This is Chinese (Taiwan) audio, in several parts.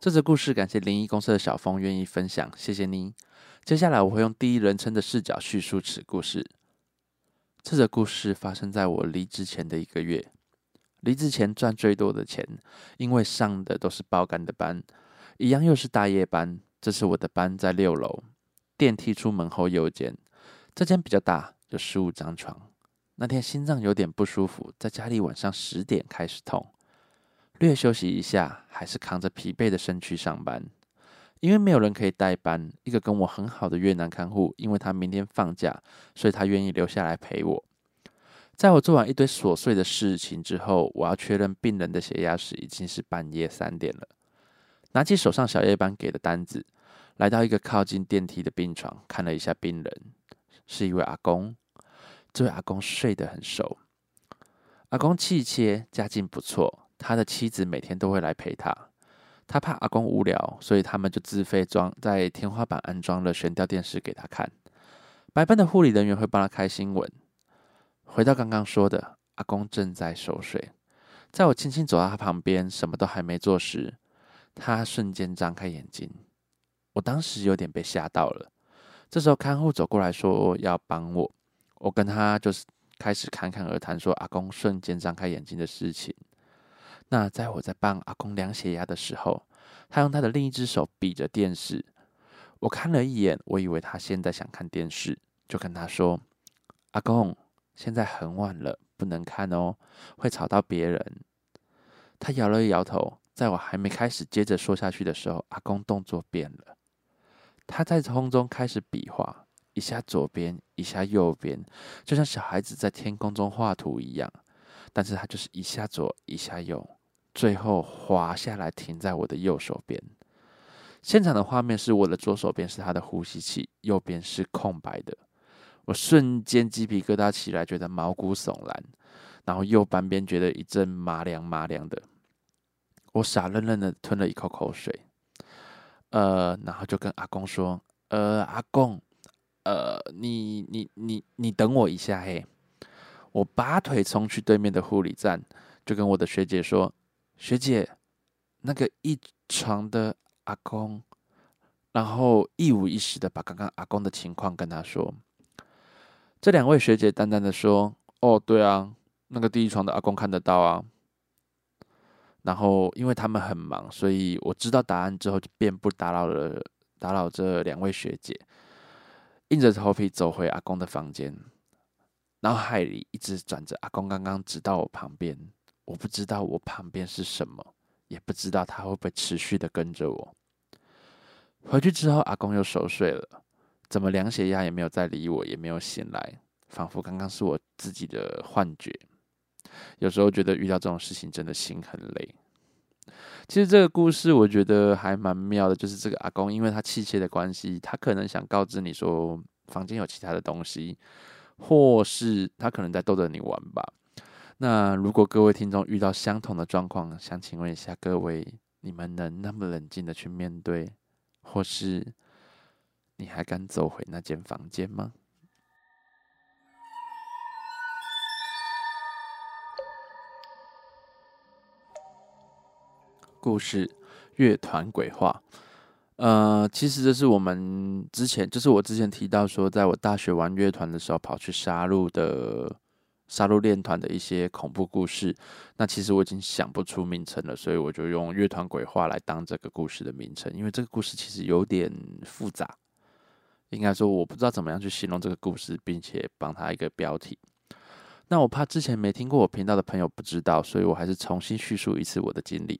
這則故事感謝靈異公社的小楓願意分享，謝謝您。接下來我會用第一人稱的視角敘述此故事。這則故事發生在我離職前的一個月，離職前賺最多的錢，因為上的都是包乾的班，一樣又是大夜班。這次我的班在六樓，電梯出門後右間，這間比較大，有十五張床。那天心臟有點不舒服，在家裡晚上十點開始痛。略休息一下，還是扛着疲憊的身軀上班。因為沒有人可以代班，一個跟我很好的越南看護，因為他明天放假，所以他願意留下來陪我。在我做完一堆瑣碎的事情之後，我要確認病人的血壓時，已經是半夜三點了。拿起手上小夜班給的單子，來到一個靠近電梯的病床，看了一下病人，是一位阿公。這位阿公睡得很熟，阿公氣切，家境不錯。他的妻子每天都會來陪他，他怕阿公無聊，所以他們就自費裝，在天花板安裝了懸吊電視給他看。白班的護理人員會幫他開新聞。回到剛剛說的，阿公正在熟睡，在我輕輕走到他旁邊，什麼都還沒做時，他瞬間張開眼睛。我當時有點被嚇到了。這時候看護走過來說要幫我，我跟他就是開始侃侃而談，說阿公瞬間張開眼睛的事情。那在我在幫阿公量血壓的時候，他用他的另一隻手比着電視。我看了一眼，我以為他現在想看電視，就跟他說：“阿公，現在很晚了，不能看哦，會吵到別人。”他搖了搖頭。在我還沒開始接着說下去的時候，阿公動作變了，他在空中開始比劃，一下左邊，一下右邊，就像小孩子在天空中畫圖一樣。但是他就是一下左，一下右。最後滑下來停在我的右手邊。現場的畫面是我的左手邊是他的呼吸器，右邊是空白的。我瞬間雞皮疙瘩起來，覺得毛骨悚然。然後右半邊覺得一陣麻涼麻涼的。我傻愣愣的吞了一口口水，呃，然後就跟阿公說：“呃，阿公，呃，你、你、你、你等我一下嘿！”我拔腿衝去對面的護理站，就跟我的學姐說。學姐，那個一床的阿公，然後一五一十的把剛剛阿公的情況跟他說。這兩位學姐淡淡的說：“哦，對啊，那個第一床的阿公看得到啊。”然後因為他們很忙，所以我知道答案之後，就便不打擾了，打擾這兩位學姐。硬着頭皮走回阿公的房間，腦海裡一直轉着阿公剛剛，剛直到我旁邊。我不知道我旁邊是什麼，也不知道他會不會持續的跟着我。回去之後，阿公又熟睡了，怎麼量血壓也沒有再理我，也沒有醒來，仿佛剛剛是我自己的幻覺。有時候覺得遇到這種事情真的心很累。其實這個故事我覺得還蠻妙的，就是這個阿公，因為他妻妾的關係，他可能想告知你說房間有其他的東西，或是他可能在逗着你玩吧。那如果各位聽眾遇到相同的狀況，想請問一下各位，你們能那麼冷靜的去面對，或是你還敢走回那間房間嗎？故事，樂團鬼話，呃，其實這是我們之前，就是我之前提到說，在我大學玩樂團的時候，跑去殺戮的。殺戮練團的一些恐怖故事，那其實我已經想不出名稱了，所以我就用樂團鬼話來當這個故事的名稱。因為這個故事其實有點複雜，應該說我不知道怎麼樣去形容這個故事，並且幫他一個標題。那我怕之前沒聽過我頻道的朋友不知道，所以我還是重新敘述一次我的經歷。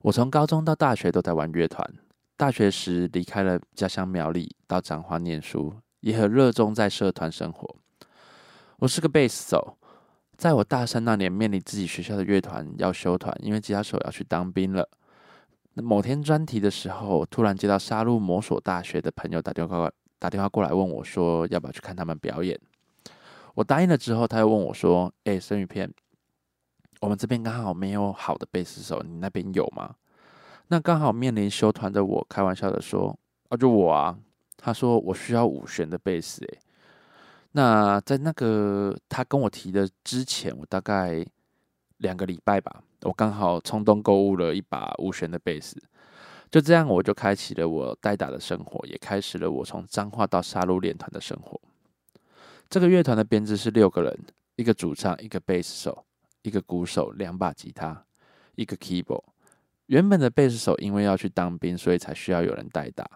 我從高中到大學都在玩樂團，大學時離開了家鄉苗栗到彰化念書，也很熱衷在社團生活。我是個貝斯手，在我大三那年，面臨自己學校的樂團要休團，因為吉他手要去當兵了。某天專題的時候，突然接到殺入某所大學的朋友打電話，打電話過來問我說，要不要去看他們表演？我答應了之後，他又問我說：“哎、欸，生魚片，我們這邊剛好沒有好的貝斯手，你那邊有嗎？”那剛好面臨休團的我，開玩笑的說：“哦、啊，就我啊。”他說：“我需要五弦的貝斯、欸。”誒那在那個他跟我提的之前，我大概兩個禮拜吧，我剛好衝動購物了一把無弦的貝斯，就這樣我就開啟了我代打的生活，也開始了我從彰化到沙鹿練團的生活。這個樂團的編制是六個人，一個主唱，一個貝斯手，一個鼓手，兩把吉他，一個 keyboard。原本的貝斯手因為要去當兵，所以才需要有人代打。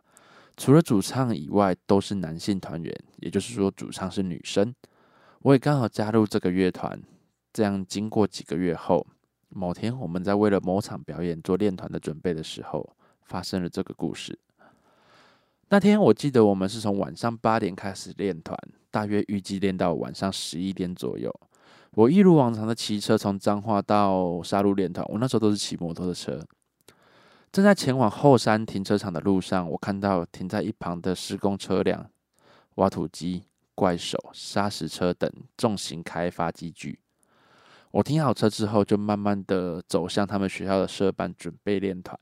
除了主唱以外都是男性團員，也就是說主唱是女生。我也剛好加入這個樂團。這樣經過幾個月後，某天我們在為了某場表演做練團的準備的時候，發生了這個故事。那天我記得我們是從晚上八點開始練團，大約預計練到晚上十一點左右。我一如往常的騎車從彰化到沙鹿練團，我那時候都是騎摩托車。正在前往後山停車場的路上，我看到停在一旁的施工車輛、挖土機、怪手、砂石車等重型開發機具。我停好車之後，就慢慢的走向他們學校的社辦準備練團。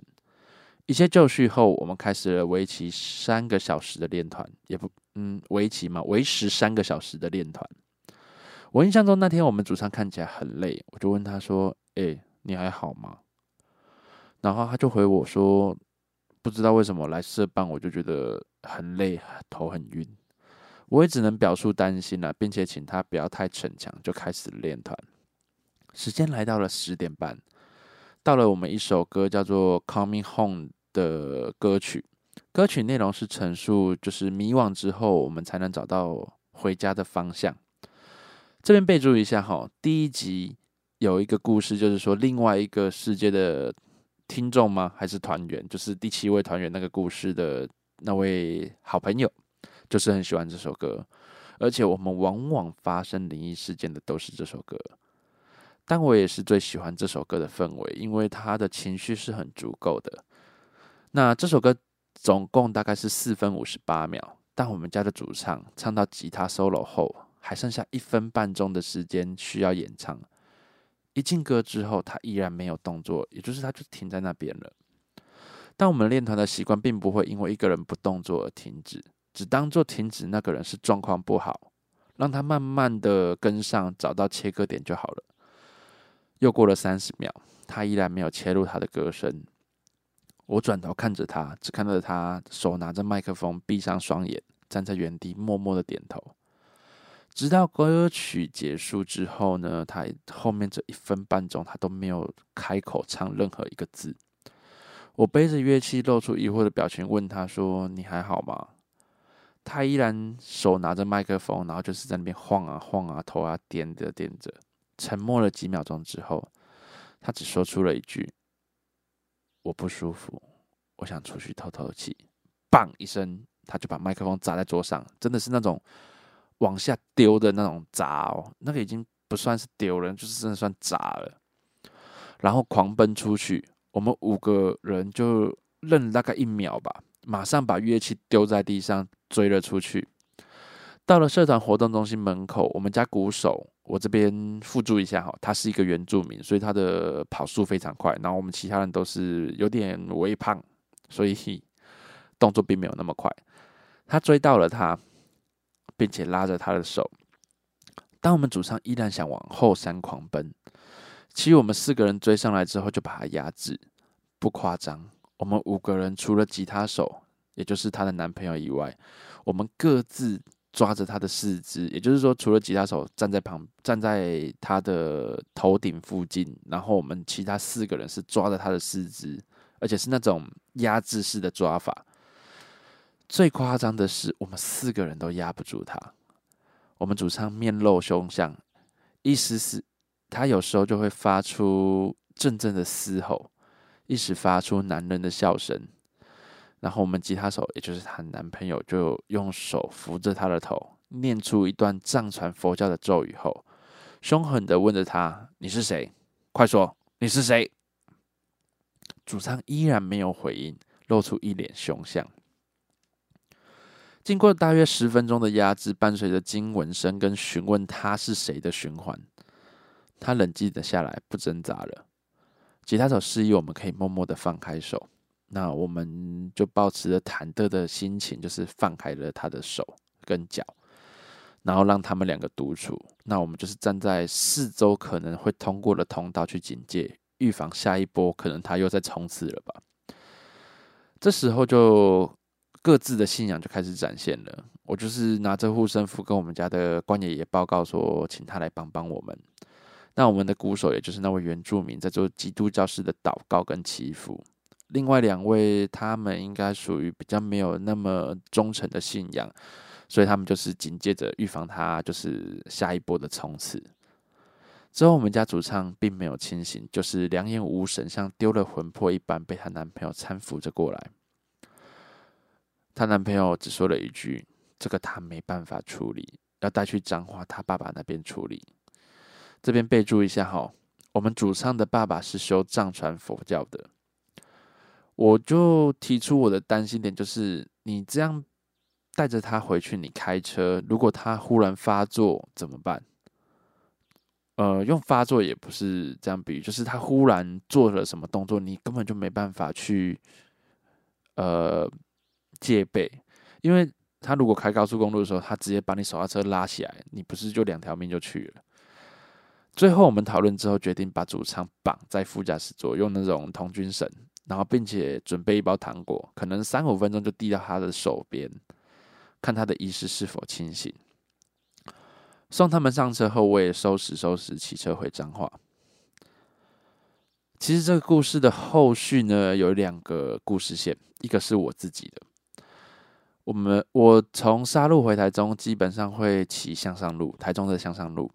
一些就緒後，我們開始了為期三個小時的練團，也不，嗯，為期嘛，為時三個小時的練團。我印象中那天我們主唱看起來很累，我就問他說：“哎、欸，你還好嗎？”然後他就回我說：“不知道為什麼來社辦，我就覺得很累，頭很暈。”我也只能表述擔心了啊，並且請他不要太逞強。就開始練團，時間來到了十點半，到了我們一首歌叫做《Coming Home》的歌曲，歌曲內容是陳述，就是迷惘之後我們才能找到回家的方向。這邊備注一下哈，第一集有一個故事，就是說另外一個世界的。聽眾嗎？還是團員？就是第七位團員那個故事的那位好朋友，就是很喜歡這首歌。而且我們往往發生靈異事件的都是這首歌。但我也是最喜歡這首歌的氛圍，因為他的情緒是很足夠的。那這首歌總共大概是四分五十八秒，但我們家的主唱唱到吉他 solo 後，還剩下一分半鐘的時間需要演唱。一進歌之後，他依然沒有動作，也就是他就停在那邊了。但我們練團的習慣並不會因為一個人不動作而停止，只當做停止那個人是狀況不好，讓他慢慢的跟上，找到切割點就好了。又過了三十秒，他依然沒有切入他的歌聲。我轉頭看着他，只看到他手拿着麥克風，閉上雙眼，站在原地默默的點頭。直到歌曲結束之後呢，他後面這一分半鐘他都沒有開口唱任何一個字。我背着樂器，露出疑惑的表情，問他說：“你還好嗎？”他依然手拿着麥克風，然後就是在那邊晃啊晃啊，頭啊顛着顛着。沉默了幾秒鐘之後，他只說出了一句：“我不舒服，我想出去透透氣。”砰一聲，他就把麥克風砸在桌上，真的是那種。往下丟的那種砸哦，那個已經不算是丟了，就是真的算砸了。然後狂奔出去，我們五個人就愣大概一秒吧，馬上把樂器丟在地上，追了出去。到了社團活動中心門口，我們家鼓手，我這邊附註一下哈，他是一個原住民，所以他的跑速非常快。然後我們其他人都是有點微胖，所以動作並沒有那麼快。他追到了他。並且拉着他的手。當我們主唱依然想往後山狂奔，其餘我們四個人追上來之後，就把他壓制。不誇張，我們五個人除了吉他手，也就是他的男朋友以外，我們各自抓着他的四肢。也就是說，除了吉他手站在旁，站在他的頭頂附近，然後我們其他四個人是抓着他的四肢，而且是那種壓制式的抓法。最誇張的是，我們四個人都壓不住他。我們主唱面露凶相，一時是，他有時候就會發出陣陣的嘶吼，一時發出男人的笑聲。然後我們吉他手，也就是他男朋友，就用手扶着他的頭，念出一段藏傳佛教的咒語後，凶狠的問着他：“你是誰？快說，你是誰？”主唱依然沒有回應，露出一臉凶相。經過大約十分鐘的壓制，伴隨着經文聲跟詢問他是誰的循環，他冷靜了下來，不掙扎了。吉他手示意我們可以默默的放開手，那我們就抱持着忐忑的心情，就是放開了他的手跟腳，然後讓他們兩個獨處。那我們就是站在四周可能會通過的通道去警戒，預防下一波可能他又在衝刺了吧。這時候就。各自的信仰就開始展現了。我就是拿着護身符跟我們家的關爺爺報告說，請他來幫幫我們。那我們的鼓手，也就是那位原住民，在做基督教式的禱告跟祈福。另外兩位，他們應該屬於比較沒有那麼忠誠的信仰，所以他們就是緊接着預防他就是下一波的衝刺。之後，我們家主唱並沒有清醒，就是兩眼無神，像丟了魂魄一般，被她男朋友攙扶着過來。她男朋友只說了一句：“這個他沒辦法處理，要帶去彰化他爸爸那邊處理。”這邊備註一下哈、哦，我們主唱的爸爸是修藏傳佛教的。我就提出我的擔心點，就是你這樣帶着他回去，你開車，如果他忽然發作怎麼辦？呃，用發作也不是這樣比喻，就是他忽然做了什麼動作，你根本就沒辦法去，呃。戒備，因為他如果開高速公路的時候，他直接把你手剎車拉起來，你不是就兩條命就去了？最後我們討論之後，決定把主唱綁在副駕駛座，用那種童軍繩，然後並且準備一包糖果，可能三五分鐘就遞到他的手邊，看他的意識是否清醒。送他們上車後，我也收拾收拾，騎車回彰化。其實這個故事的後續呢，有兩個故事線，一個是我自己的。我們我從沙鹿回台中，基本上會騎向上路，台中的向上路。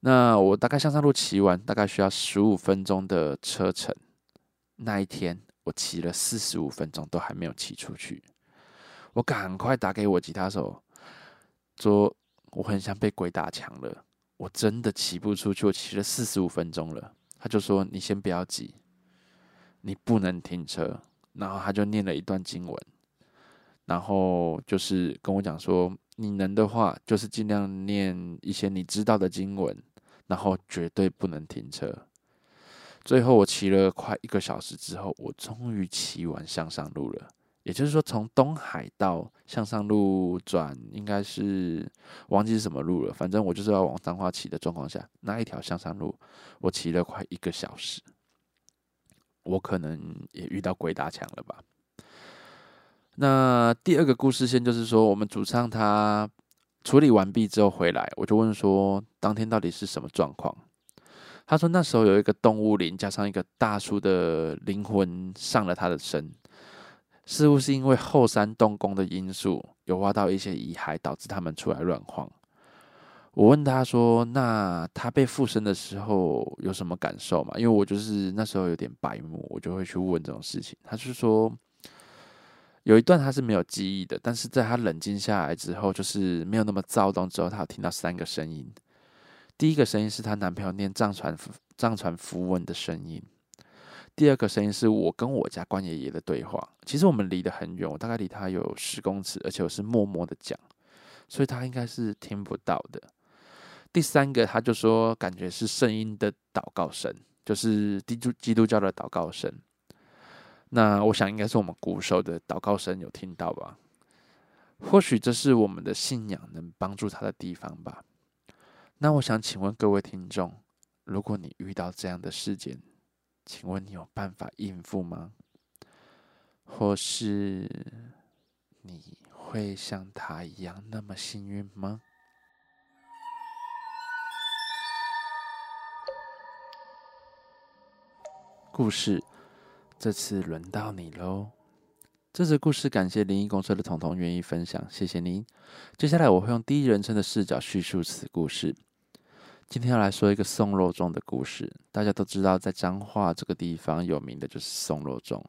那我大概向上路騎完，大概需要十五分鐘的車程。那一天我騎了四十五分鐘，都還沒有騎出去。我趕快打給我吉他手，說我很像被鬼打牆了，我真的騎不出去，我騎了四十五分鐘了。他就說，你先不要急，你不能停車。然後他就念了一段經文。然後就是跟我講說，你能的話，就是盡量念一些你知道的經文，然後絕對不能停車。最後我騎了快一個小時之後，我終於騎完向上路了。也就是說，從東海到向上路轉，應該是忘記是什麼路了。反正我就是要往彰化騎的狀況下，那一條向上路，我騎了快一個小時，我可能也遇到鬼打牆了吧。那第二個故事線就是說，我們主唱他處理完畢之後回來，我就問說，當天到底是什麼狀況？他說那時候有一個動物靈，加上一個大叔的靈魂上了他的身，似乎是因為後山動工的因素，有挖到一些遺骸，導致他們出來亂晃。我問他說，那他被附身的時候有什麼感受嗎？因為我就是那時候有點白目，我就會去問這種事情。他就說。有一段她是沒有記憶的，但是在她冷靜下來之後，就是沒有那麼躁動之後，她有聽到三個聲音。第一個聲音是她男朋友念藏傳藏傳符文的聲音，第二個聲音是我跟我家關爺爺的對話。其實我們離得很遠，我大概離他有十公尺，而且我是默默地講，所以他應該是聽不到的。第三個，他就說感覺是聲音的禱告聲，就是基督基督教的禱告聲。那我想應該是我們鼓手的禱告聲有聽到吧？或許這是我們的信仰能幫助他的地方吧。那我想請問各位聽眾，如果你遇到這樣的事件，請問你有辦法應付嗎？或是你會像他一樣那麼幸運嗎？故事。這次輪到你嘍！這則故事感謝靈異公社的童童願意分享，謝謝您。接下來我會用第一人稱的視角敘述此故事。今天要來說一個送肉粽的故事。大家都知道，在彰化這個地方有名的就是送肉粽。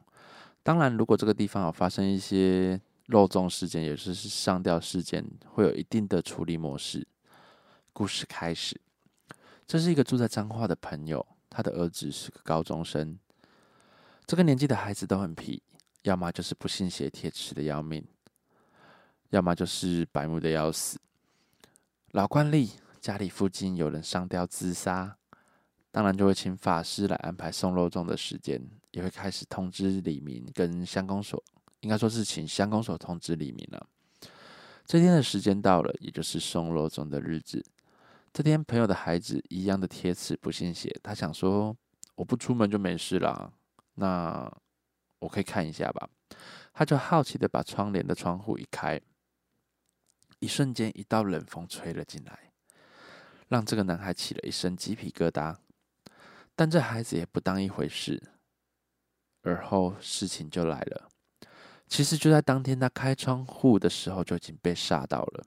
當然，如果這個地方有發生一些肉粽事件，也就是上吊事件，會有一定的處理模式。故事開始，這是一個住在彰化的朋友，他的兒子是個高中生。這個年紀的孩子都很皮，要麼就是不信邪，鐵齒的要命；要麼就是白目的要死。老慣例，家裡附近有人上吊自殺，當然就會請法師來安排送肉粽的時間，也會開始通知里民跟鄉公所，應該說是請鄉公所通知里民了，啊。這天的時間到了，也就是送肉粽的日子。這天，朋友的孩子一樣的鐵齒，不信邪。他想說：“我不出門就沒事了。”那我可以看一下吧。他就好奇的把窗簾的窗戶一開，一瞬間，一道冷風吹了進來，讓這個男孩起了一身雞皮疙瘩。但這孩子也不當一回事。而後事情就來了。其實就在當天，他開窗戶的時候就已經被嚇到了。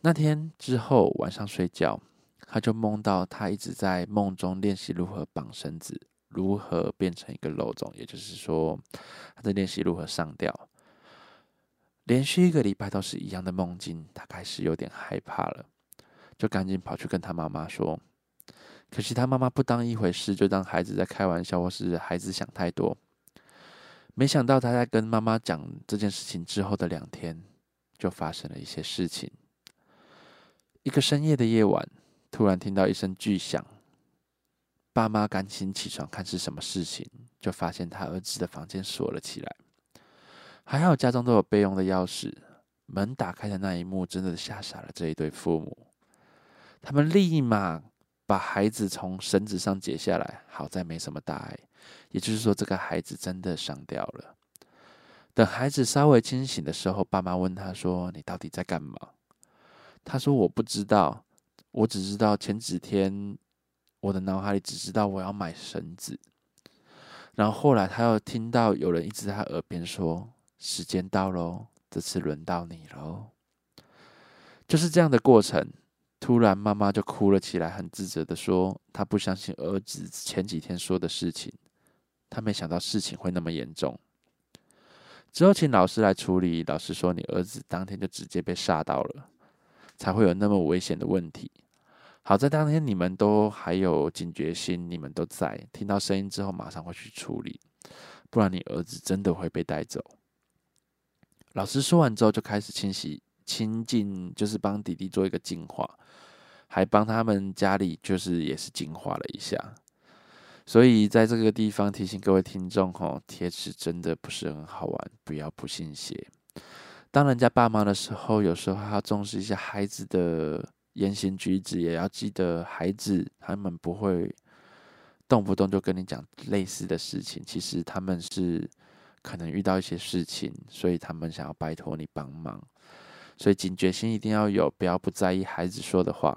那天之後晚上睡覺，他就夢到他一直在夢中練習如何綁繩子。如何變成一個漏種？也就是說，他在練習如何上吊，連續一個禮拜都是一樣的夢境，他開始有點害怕了，就趕緊跑去跟他媽媽說。可惜他媽媽不當一回事，就當孩子在開玩笑，或是孩子想太多。沒想到他在跟媽媽講這件事情之後的兩天，就發生了一些事情。一個深夜的夜晚，突然聽到一聲巨響。爸媽趕緊起床看是什麼事情，就發現他兒子的房間鎖了起來。還好家中都有備用的鑰匙，門打開的那一幕真的嚇傻了這一對父母。他們立馬把孩子從繩子上解下來，好在沒什麼大礙。也就是說，這個孩子真的上吊了。等孩子稍微清醒的時候，爸媽問他說：“你到底在幹嘛？”他說：“我不知道，我只知道前幾天。”我的腦海裡只知道我要買繩子。然後後來他又聽到有人一直在他耳邊說：“時間到咯，這次輪到你咯。”就是這樣的過程。突然，媽媽就哭了起來，很自責的說：“她不相信兒子前幾天說的事情，她沒想到事情會那麼嚴重。”之後，請老師來處理。老師說：“你兒子當天就直接被嚇到了，才會有那麼危險的問題。”好在當天你們都還有警覺心，你們都在聽到聲音之後馬上會去處理，不然你兒子真的會被帶走。老師說完之後就開始清洗、清淨，就是幫弟弟做一個淨化，還幫他們家裡就是也是淨化了一下。所以在這個地方提醒各位聽眾吼，鐵齒真的不是很好玩，不要不信邪。當人家爸媽的時候，有時候還要重視一下孩子的。言行舉止也要記得，孩子他們不會動不動就跟你講類似的事情。其實他們是可能遇到一些事情，所以他們想要拜托你幫忙。所以警覺心一定要有，不要不在意孩子說的話。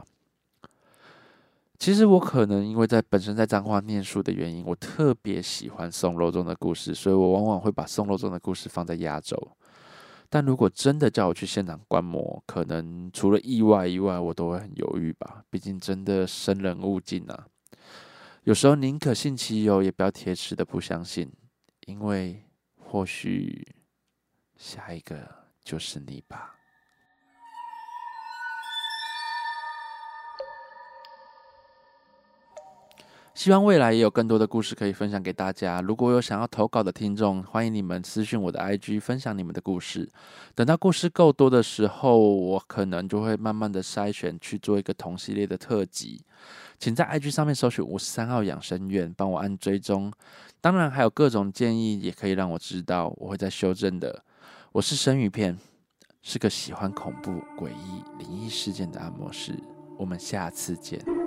其實我可能因為在本身在彰化念書的原因，我特別喜歡送肉粽的故事，所以我往往會把送肉粽的故事放在壓軸。但如果真的叫我去現場觀摩，可能除了意外以外，我都會很猶豫吧。畢竟真的生人勿近啊。有時候寧可信其有，也不要鐵齒的不相信，因為或許下一個就是你吧。希望未來也有更多的故事可以分享給大家。如果有想要投稿的聽眾，歡迎你們私訊我的 IG 分享你們的故事。等到故事夠多的時候，我可能就會慢慢的篩選去做一個同系列的特輯。請在 IG 上面搜尋五十三號養生怨，幫我按追蹤。當然，還有各種建議也可以讓我知道，我會再修正的。我是生魚片，是個喜歡恐怖、詭異、靈異事件的按摩師。我們下次見。